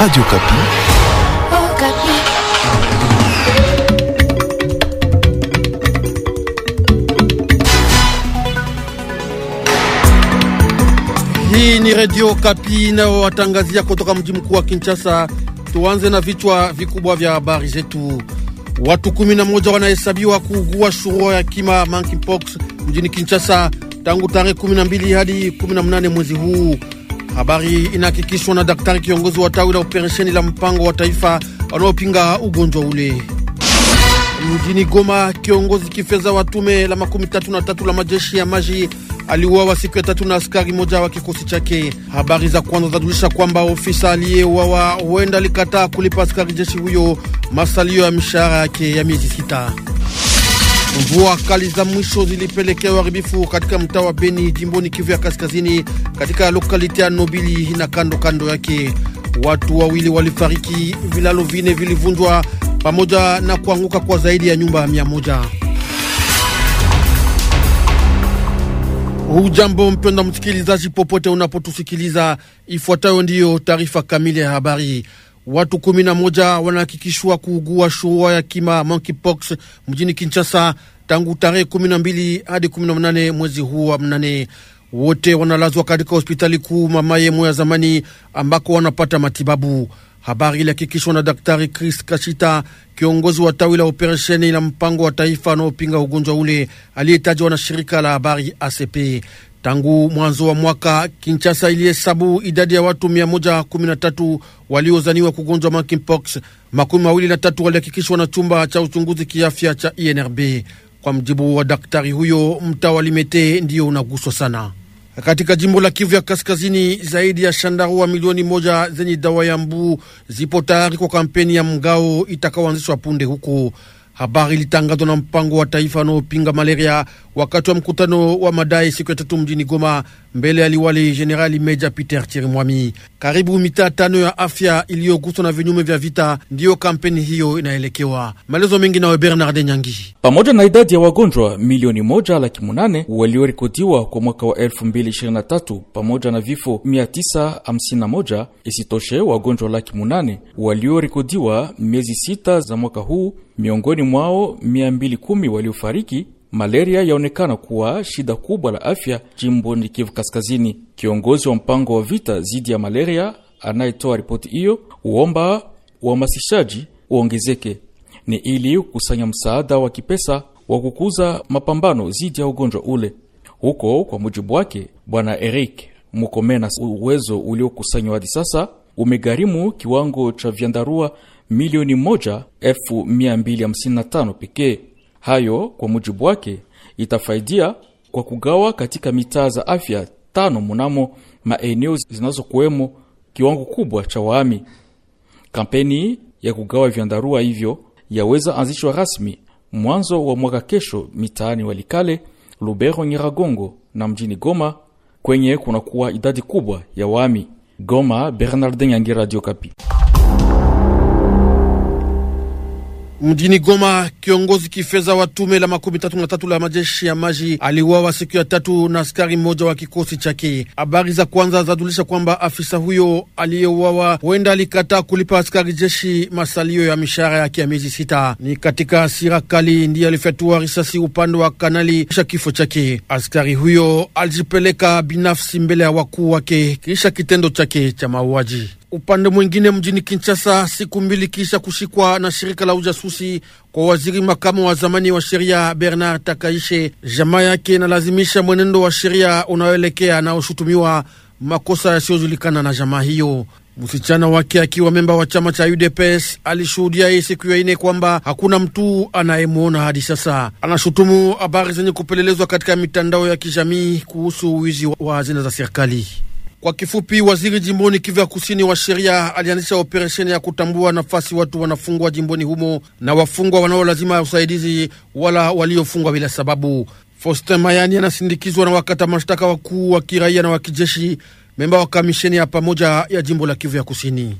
Radio Kapi. Oh, Kapi. Hii ni Radio Kapi inayowatangazia kutoka mji mkuu wa Kinshasa. Tuanze na vichwa vikubwa vya habari zetu. Watu 11 wanahesabiwa kuugua shurua ya kima monkeypox mjini Kinshasa tangu tarehe 12 hadi 18 mwezi huu. Habari inahakikishwa na daktari kiongozi wa tawi la operesheni la mpango wa taifa wanaopinga ugonjwa ule. Mjini Goma, kiongozi kifedha wa tume la makumi tatu na tatu la majeshi ya maji aliuawa siku ya tatu na askari moja wa kikosi chake. Habari za kwanza zajulisha kwamba ofisa aliyeuawa huenda alikataa kulipa askari jeshi huyo masalio ya mishahara yake ya miezi sita. Mvua kali za mwisho zilipelekea uharibifu katika mtaa wa Beni jimboni Kivu ya Kaskazini, katika lokalite ya Nobili na kando kando yake. Watu wawili walifariki, vilalo vine vilivunjwa pamoja na kuanguka kwa zaidi ya nyumba mia moja. Hujambo mpenda msikilizaji, popote unapotusikiliza, ifuatayo ndiyo taarifa kamili ya habari watu kumi na moja wanahakikishwa kuugua shurua ya kima monkeypox mjini Kinshasa tangu tarehe kumi na mbili hadi kumi na mnane mwezi huu wa mnane. Wote wanalazwa katika hospitali kuu Mamayemo ya zamani ambako wanapata matibabu. Habari ilihakikishwa na Daktari Chris Kashita, kiongozi wa tawi la operesheni la mpango wa taifa anaopinga ugonjwa ule aliyetajwa na shirika la habari ACP. Tangu mwanzo wa mwaka Kinshasa ilihesabu idadi ya watu 113 waliozaniwa kugonjwa monkeypox, makumi mawili na tatu walihakikishwa na chumba cha uchunguzi kiafya cha INRB. Kwa mjibu wa daktari huyo, mtaa wa Limete ndiyo unaguswa sana. Katika jimbo la Kivu ya Kaskazini, zaidi ya shandarua milioni moja zenye dawa ya mbu zipo tayari kwa kampeni ya mgao itakaoanzishwa punde huku Habari ilitangazwa na mpango wa taifa unaopinga malaria wakati wa mkutano wa madai siku ya tatu mjini Goma, mbele ya liwali Jenerali Meja Peter Chirimwami. Karibu mitaa tano ya afya iliyoguswa na vinyume vya vita, ndiyo kampeni hiyo inaelekewa. Maelezo mengi nawe Bernard Nyangi. Pamoja na idadi ya wagonjwa milioni moja laki munane waliorekodiwa kwa mwaka wa tatu pamoja na vifo 951, isitoshe wagonjwa laki munane waliorekodiwa miezi sita za mwaka huu, miongoni mwao kumi waliofariki malaria yaonekana kuwa shida kubwa la afya jimboni Kivu Kaskazini. Kiongozi wa mpango wa vita dhidi ya malaria anayetoa ripoti hiyo huomba uhamasishaji uongezeke, ni ili kukusanya msaada wa kipesa wa kukuza mapambano dhidi ya ugonjwa ule huko. Kwa mujibu wake, Bwana Eric Mukomena, uwezo uliokusanywa hadi sasa umegharimu kiwango cha vyandarua milioni moja elfu mia mbili hamsini na tano pekee. Hayo kwa mujibu wake itafaidia kwa kugawa katika mitaa za afya tano munamo maeneo zinazokuwemo kiwango kubwa cha waami Kampeni ya kugawa vyandarua hivyo yaweza anzishwa rasmi mwanzo wa mwaka kesho mitaani Walikale, Lubero, Nyiragongo na mjini Goma kwenye kunakuwa idadi kubwa ya waami Goma, Bernardin Yangi, Radio Kapi. Mjini Goma, kiongozi kifedha wa tume la makumi tatu na tatu la majeshi ya maji aliuawa siku ya tatu na askari mmoja wa kikosi chake. Habari za kwanza zadulisha kwamba afisa huyo aliyeuawa huenda alikataa kulipa askari jeshi masalio ya mishahara yake ya miezi sita. Ni katika hasira kali ndiye alifyatua risasi upande wa kanali kisha kifo chake. Askari huyo alijipeleka binafsi mbele ya wakuu wake kisha kitendo chake cha mauaji. Upande mwingine mjini Kinshasa, siku mbili kisha kushikwa na shirika la ujasusi kwa waziri makamu wa zamani wa sheria Bernard Takaishe, jamaa yake inalazimisha mwenendo wa sheria unaoelekea anaoshutumiwa makosa yasiyojulikana na jamaa hiyo. Msichana wake akiwa memba wa chama cha UDPS alishuhudia hii siku ya ine kwamba hakuna mtu anayemwona hadi sasa. Anashutumu habari zenye kupelelezwa katika mitandao ya kijamii kuhusu uwizi wa hazina za serikali. Kwa kifupi, waziri jimboni Kivu ya kusini wa sheria alianzisha operesheni ya kutambua nafasi watu wanafungwa jimboni humo na wafungwa wanaolazima usaidizi wala waliofungwa bila sababu. Foste Mayani anasindikizwa na wakata mashtaka wakuu wa kiraia na wa kijeshi, memba wa kamisheni ya pamoja ya jimbo la Kivu ya kusini.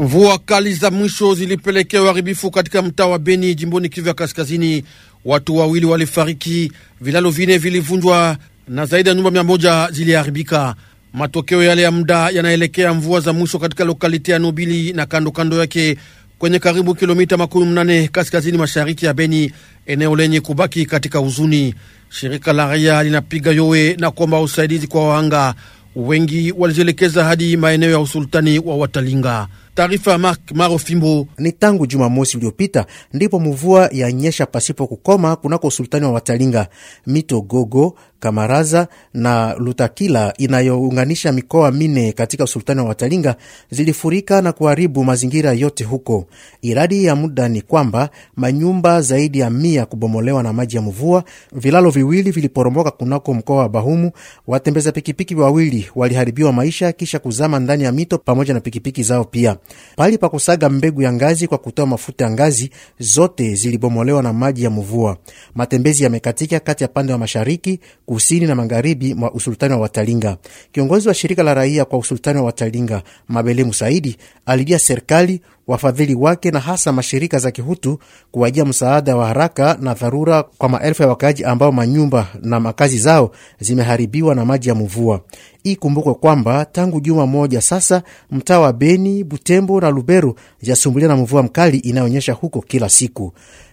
Mvua kali za mwisho zilipelekea uharibifu katika mtaa wa Beni jimboni Kivu ya kaskazini. Watu wawili walifariki, vilalo vine vilivunjwa na zaidi ya nyumba mia moja ziliharibika. Matokeo yale ya muda yanaelekea mvua za mwisho katika lokalite ya Nobili na kando kando yake kwenye karibu kilomita makumi mnane kaskazini mashariki ya Beni, eneo lenye kubaki katika huzuni. Shirika la raia linapiga yowe na kuomba usaidizi kwa wahanga. Wengi walizielekeza hadi maeneo ya usultani wa Watalinga. Taarifa Mark Maro Fimbo. Ni tangu juma mosi uliopita ndipo mvua ya nyesha pasipo kukoma kunako usultani wa Watalinga. Mito Gogo, Kamaraza na Lutakila inayounganisha mikoa minne katika usultani wa Watalinga zilifurika na kuharibu mazingira yote huko. Iradi ya muda ni kwamba manyumba zaidi ya mia kubomolewa na maji ya mvua, vilalo viwili viliporomoka kunako mkoa wa Bahumu, watembeza pikipiki wawili waliharibiwa maisha kisha kuzama ndani ya mito pamoja na pikipiki zao. Pia pali pa kusaga mbegu ya ngazi kwa kutoa mafuta ya ngazi zote zilibomolewa na maji ya mvua. Matembezi yamekatika kati ya pande wa mashariki kusini na magharibi mwa usultani wa Watalinga. Kiongozi wa shirika la raia kwa usultani wa Watalinga, Mabele Musaidi, alilia serikali, wafadhili wake na hasa mashirika za kihutu kuwajia msaada wa haraka na dharura kwa maelfu ya wakaaji ambao manyumba na makazi zao zimeharibiwa na maji ya mvua. Ikumbukwe kwamba tangu juma moja sasa mtaa wa Beni, Butembo na Luberu jasumbulia na mvua mkali inayoonyesha huko kila siku.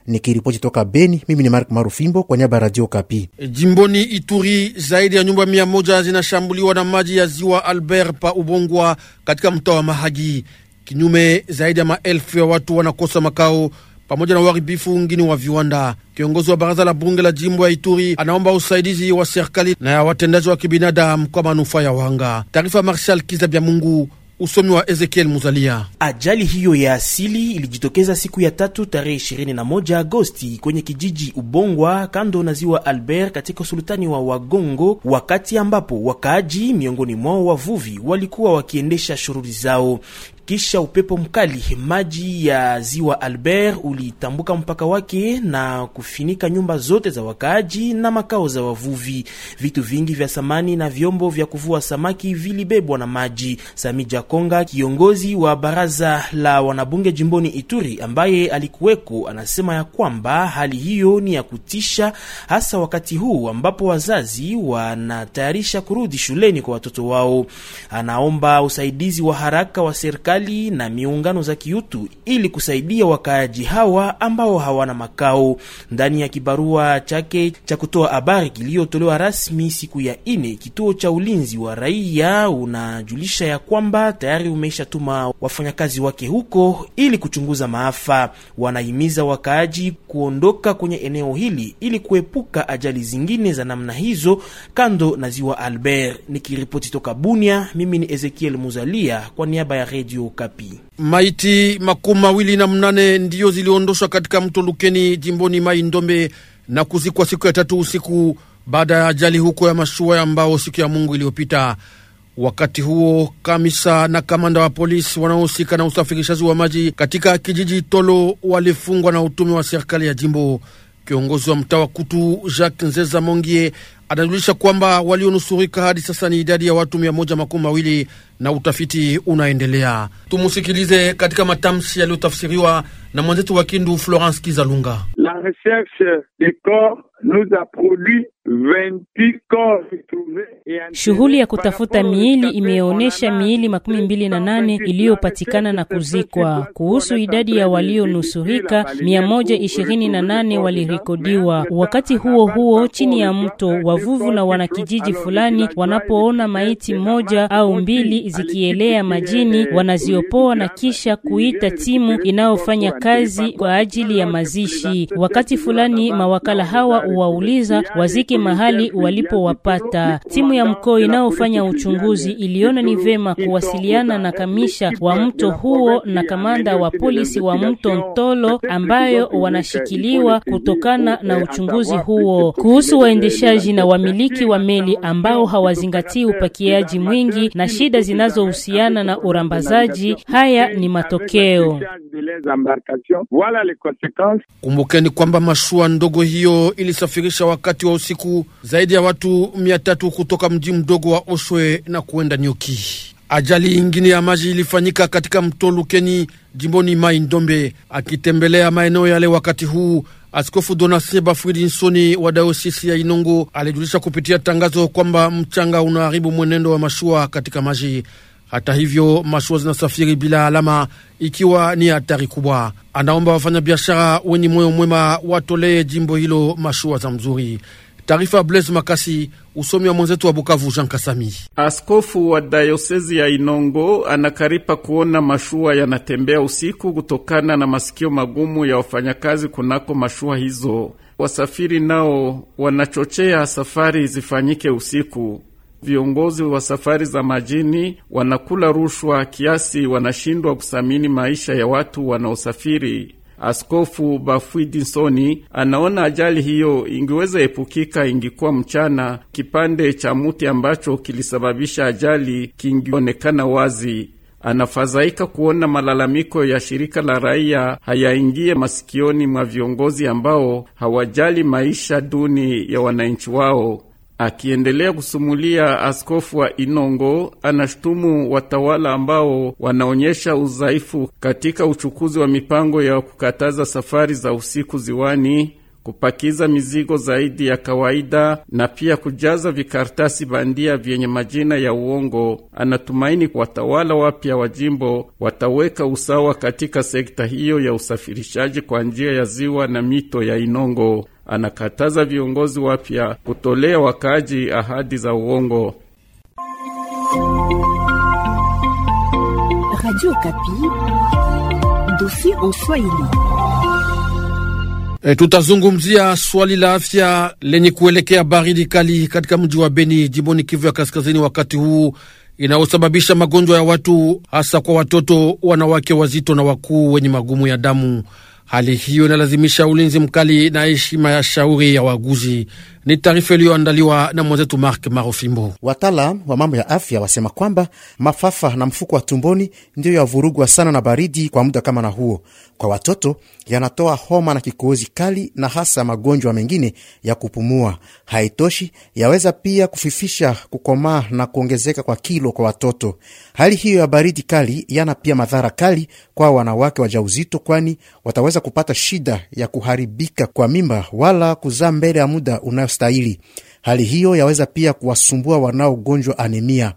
Nikiripoti toka Beni, mimi ni Mark Marufimbo kwa niaba ya Radio Kapi. E, jimboni Ituri, zaidi ya nyumba mia moja zinashambuliwa na maji ya ziwa Albert pa Ubongwa katika mtaa wa Mahagi. Kinyume, zaidi ya maelfu ya watu wanakosa makao pamoja na uharibifu wengine wa viwanda. Kiongozi wa baraza la bunge la jimbo ya Ituri anaomba usaidizi wa serikali na ya watendaji wa kibinadamu kwa manufaa ya wanga. Taarifa Marshal Kizabya Mungu Usomi wa Ezekiel Muzalia. Ajali hiyo ya asili ilijitokeza siku ya tatu tarehe 21 Agosti kwenye kijiji Ubongwa kando na ziwa Albert katika usultani wa Wagongo, wakati ambapo wakaaji miongoni mwao wavuvi walikuwa wakiendesha shughuli zao. Kisha upepo mkali, maji ya ziwa Albert ulitambuka mpaka wake na kufinika nyumba zote za wakaaji na makao za wavuvi. Vitu vingi vya samani na vyombo vya kuvua samaki vilibebwa na maji. Sami Jakonga, kiongozi wa baraza la wanabunge jimboni Ituri, ambaye alikuweko, anasema ya kwamba hali hiyo ni ya kutisha, hasa wakati huu ambapo wazazi wanatayarisha kurudi shuleni kwa watoto wao. Anaomba usaidizi wa haraka wa serikali serikali na miungano za kiutu ili kusaidia wakaaji hawa ambao hawana makao. Ndani ya kibarua chake cha kutoa habari kiliyotolewa rasmi siku ya ine, kituo cha ulinzi wa raia unajulisha ya kwamba tayari umeshatuma wafanyakazi wake huko ili kuchunguza maafa. Wanahimiza wakaaji kuondoka kwenye eneo hili ili kuepuka ajali zingine za namna hizo kando na ziwa Albert. Nikiripoti toka Bunia, mimi ni Ezekiel Muzalia kwa niaba ya redio Radio Kapi. Maiti makumi mawili na mnane ndiyo ziliondoshwa katika mto Lukeni jimboni Mai Ndombe na kuzikwa siku ya tatu usiku baada ya ajali huko ya mashua ya mbao siku ya Mungu iliyopita. Wakati huo kamisa na kamanda wa polisi wanaohusika na usafirishaji wa maji katika kijiji Tolo walifungwa na utume wa serikali ya jimbo. Kiongozi wa mtaa wa Kutu Jacques Nzeza Mongie anajulisha kwamba walionusurika hadi sasa ni idadi ya watu mia moja makumi mawili na utafiti unaendelea. Tumusikilize katika matamshi yaliyotafsiriwa na mwenzetu wa Kindu, Florence Kizalunga. La recherche des corps nous a produit Shughuli ya kutafuta miili imeonyesha miili makumi mbili na nane iliyopatikana na kuzikwa. Kuhusu idadi ya walionusurika, mia moja ishirini na nane walirekodiwa. Wakati huo huo, chini ya mto, wavuvu na wanakijiji fulani wanapoona maiti moja au mbili zikielea majini wanaziopoa na kisha kuita timu inayofanya kazi kwa ajili ya mazishi. Wakati fulani mawakala hawa huwauliza wazike mahali walipowapata. Timu ya mkoa inayofanya uchunguzi iliona ni vema kuwasiliana na kamisha wa mto huo na kamanda wa polisi wa mto Ntolo ambayo wanashikiliwa kutokana na uchunguzi huo. Kuhusu waendeshaji na wamiliki wa meli ambao hawazingatii upakiaji mwingi na shida zina zinazohusiana na urambazaji. Haya ni matokeo. Kumbukeni kwamba mashua ndogo hiyo ilisafirisha wakati wa usiku zaidi ya watu mia tatu kutoka mji mdogo wa Oshwe na kuenda Nyuki. Ajali ingine ya maji ilifanyika katika mto Lukeni jimboni Mai Ndombe. Akitembelea maeneo yale wakati huu, Askofu Donasie bafridi Nsoni wa dayosisi ya Inongo alijulisha kupitia tangazo kwamba mchanga unaharibu mwenendo wa mashua katika maji. Hata hivyo, mashua zinasafiri bila alama, ikiwa ni hatari kubwa. Anaomba wafanyabiashara wenye moyo mwema watolee jimbo hilo mashua za mzuri. Taarifa ya Blaise Makasi, usomi wa mwenzetu wa Bukavu Jean Kasami. Askofu wa dayosezi ya Inongo anakaripa kuona mashua yanatembea usiku kutokana na masikio magumu ya wafanyakazi kunako mashua hizo. Wasafiri nao wanachochea safari zifanyike usiku. Viongozi wa safari za majini wanakula rushwa kiasi wanashindwa kusamini maisha ya watu wanaosafiri. Askofu Bafwidinsoni anaona ajali hiyo ingeweza epukika ingikuwa mchana, kipande cha muti ambacho kilisababisha ajali kingionekana wazi. Anafadhaika kuona malalamiko ya shirika la raia hayaingie masikioni mwa viongozi ambao hawajali maisha duni ya wananchi wao. Akiendelea kusumulia, askofu wa Inongo anashutumu watawala ambao wanaonyesha uzaifu katika uchukuzi wa mipango ya kukataza safari za usiku ziwani kupakiza mizigo zaidi ya kawaida na pia kujaza vikaratasi bandia vyenye majina ya uongo. Anatumaini watawala wapya wa jimbo wataweka usawa katika sekta hiyo ya usafirishaji kwa njia ya ziwa na mito ya Inongo. Anakataza viongozi wapya kutolea wakaaji ahadi za uongo. Radio Kapi, dossier en Swahili. E, tutazungumzia swali la afya lenye kuelekea baridi kali katika mji wa Beni jimboni Kivu ya Kaskazini wakati huu inayosababisha magonjwa ya watu hasa kwa watoto, wanawake wazito na wakuu wenye magumu ya damu. Hali hiyo inalazimisha ulinzi mkali na heshima ya shauri ya waguzi. Ni taarifa iliyoandaliwa na mwenzetu Mark Marofimbo. Wataalam wa mambo ya afya wasema kwamba mafafa na mfuko wa tumboni ndiyo yavurugwa sana na baridi kwa muda kama na huo kwa watoto yanatoa homa na kikohozi kali na hasa magonjwa mengine ya kupumua. Haitoshi, yaweza pia kufifisha kukomaa na kuongezeka kwa kilo kwa watoto. Hali hiyo ya baridi kali yana pia madhara kali kwa wanawake wajauzito, kwani wataweza kupata shida ya kuharibika kwa mimba wala kuzaa mbele ya muda unayostahili. Hali hiyo yaweza pia kuwasumbua wanaogonjwa anemia.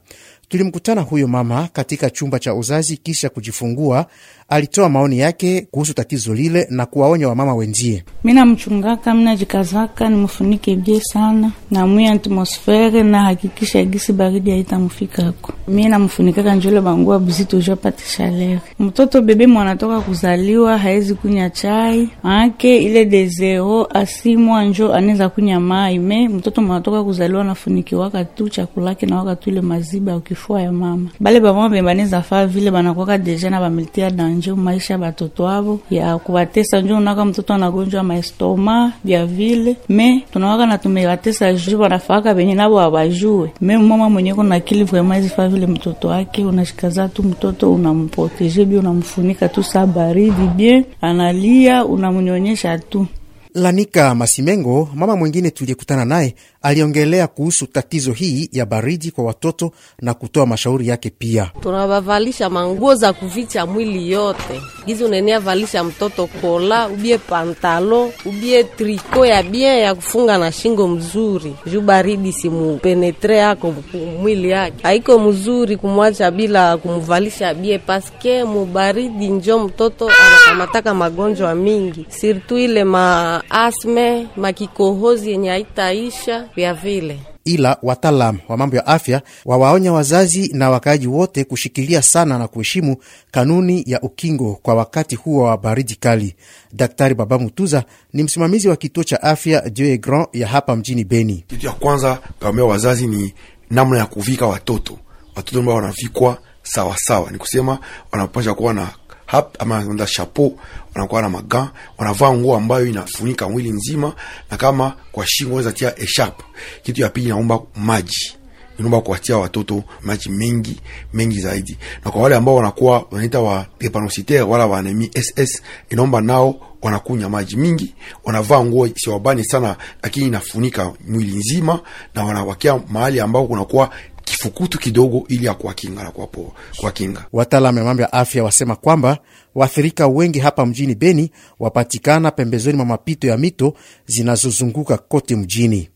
Tulimkutana huyo mama katika chumba cha uzazi kisha kujifungua, alitoa maoni yake kuhusu tatizo lile na kuwaonya wamama wenzie. Mina mchungaka mina jikazaka nimfunike bie sana namwi mwi atmosfere na hakikisha gisi baridi haitamfikako. Mi namfunikaka njole bangua buzito jopate shalere. Mtoto bebe mwanatoka kuzaliwa haezi kunya chai ake ile dezero asimwa njo aneza kunya mai me mtoto mwanatoka kuzaliwa nafunikiwaka tu chakulake na waka tu ile maziba ukifua ya mama bale bamama bebaneza faa vile banakwaka deja na bamiletia danje njo maisha ya batoto avo ya kubatesa, njo unaka mtoto anagonjwa maestoma vya vile me tunawaka na tumebatesa juu wanafaka venye navo abajue me mama mwenye kuna akili vrema izifaa vile mtoto wake unashikaza tu mtoto unamproteje bi unamfunika tu sa baridi bien analia unamnyonyesha tu Lanika Masimengo, mama mwingine tuliyekutana naye, aliongelea kuhusu tatizo hii ya baridi kwa watoto na kutoa mashauri yake. Pia tunabavalisha manguo za kuvicha mwili yote, gizi unenea valisha mtoto kola ubie pantalo ubie triko ya bien ya kufunga na shingo mzuri, juu baridi simupenetre yako mwili yake haiko mzuri, kumwacha bila kumvalisha bie paske mubaridi njo mtoto anakamataka magonjwa mingi sirtu ile ma asme makikohozi yenye haitaisha vya vile ila wataalam wa mambo ya afya wawaonya wazazi na wakaaji wote kushikilia sana na kuheshimu kanuni ya ukingo kwa wakati huo wa baridi kali. Daktari Baba Mutuza ni msimamizi wa kituo cha afya Dieu Grand ya hapa mjini Beni. Kitu ya kwanza kaambia wazazi ni namna ya kuvika watoto, watoto ambao wanavikwa sawasawa, ni kusema wanapasha kuwa na hap ama wanaenda chapeau, wanakuwa na maga wanavaa nguo ambayo inafunika mwili nzima, na kama kwa shingo waweza tia eshap. Kitu ya pili, naomba maji inaomba kuwatia watoto maji mengi mengi zaidi, na kwa wale ambao wanakuwa wanaita wa depanositer wala wa anemi SS, inaomba nao wanakunywa maji mingi, wanavaa nguo siwabani sana, lakini inafunika mwili nzima, na wanawakia mahali ambao kunakuwa kifukutu kidogo, ili ya kuwakinga na kuwapoa kuwakinga. Wataalamu ya mambo ya afya wasema kwamba waathirika wengi hapa mjini Beni wapatikana pembezoni mwa mapito ya mito zinazozunguka kote mjini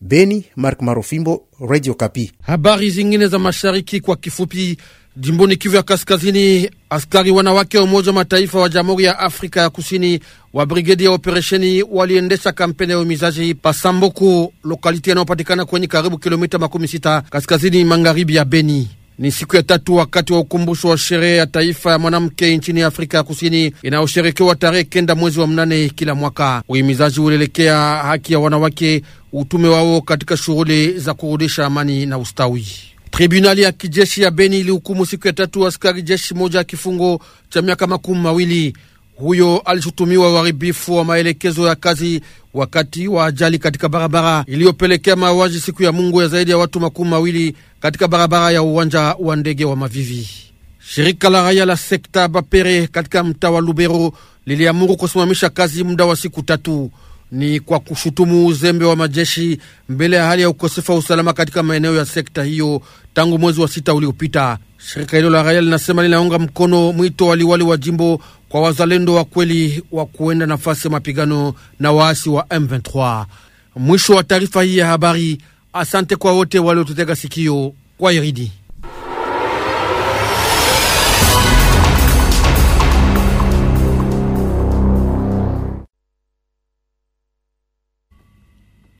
Beni. Mark Marofimbo, Radio Kapi. Habari zingine za mashariki kwa kifupi. Jimboni Kivu ya Kaskazini, askari wanawake wa Umoja wa Mataifa wa Jamhuri ya Afrika ya Kusini wa brigedi ya operesheni waliendesha kampeni ya umizaji Pasamboku, lokaliti yanayopatikana kwenye karibu kilomita makumi sita kaskazini magharibi ya Beni. Ni siku ya tatu wakati wa ukumbusho wa sherehe ya taifa ya mwanamke nchini Afrika ya Kusini inayosherekewa tarehe kenda mwezi wa mnane kila mwaka. Uhimizaji ulielekea haki ya wanawake, utume wao katika shughuli za kurudisha amani na ustawi. Tribunali ya kijeshi ya Beni ilihukumu siku ya tatu askari jeshi moja ya kifungo cha miaka makumi mawili. Huyo alishutumiwa uharibifu wa maelekezo ya kazi wakati wa ajali katika barabara iliyopelekea mauaji siku ya Mungu ya zaidi ya watu makumi mawili katika barabara ya uwanja wa ndege wa Mavivi. Shirika la raia la sekta Bapere katika mtaa wa Lubero liliamuru kusimamisha kazi muda wa siku tatu ni kwa kushutumu uzembe wa majeshi mbele ya hali ya ukosefu wa usalama katika maeneo ya sekta hiyo tangu mwezi wa sita uliopita. Shirika hilo la raia linasema linaunga mkono mwito wa liwali wa jimbo kwa wazalendo wa kweli wa kuenda nafasi ya mapigano na waasi wa M23. Mwisho wa taarifa hii ya habari. Asante kwa wote waliotutega sikio kwa iridi.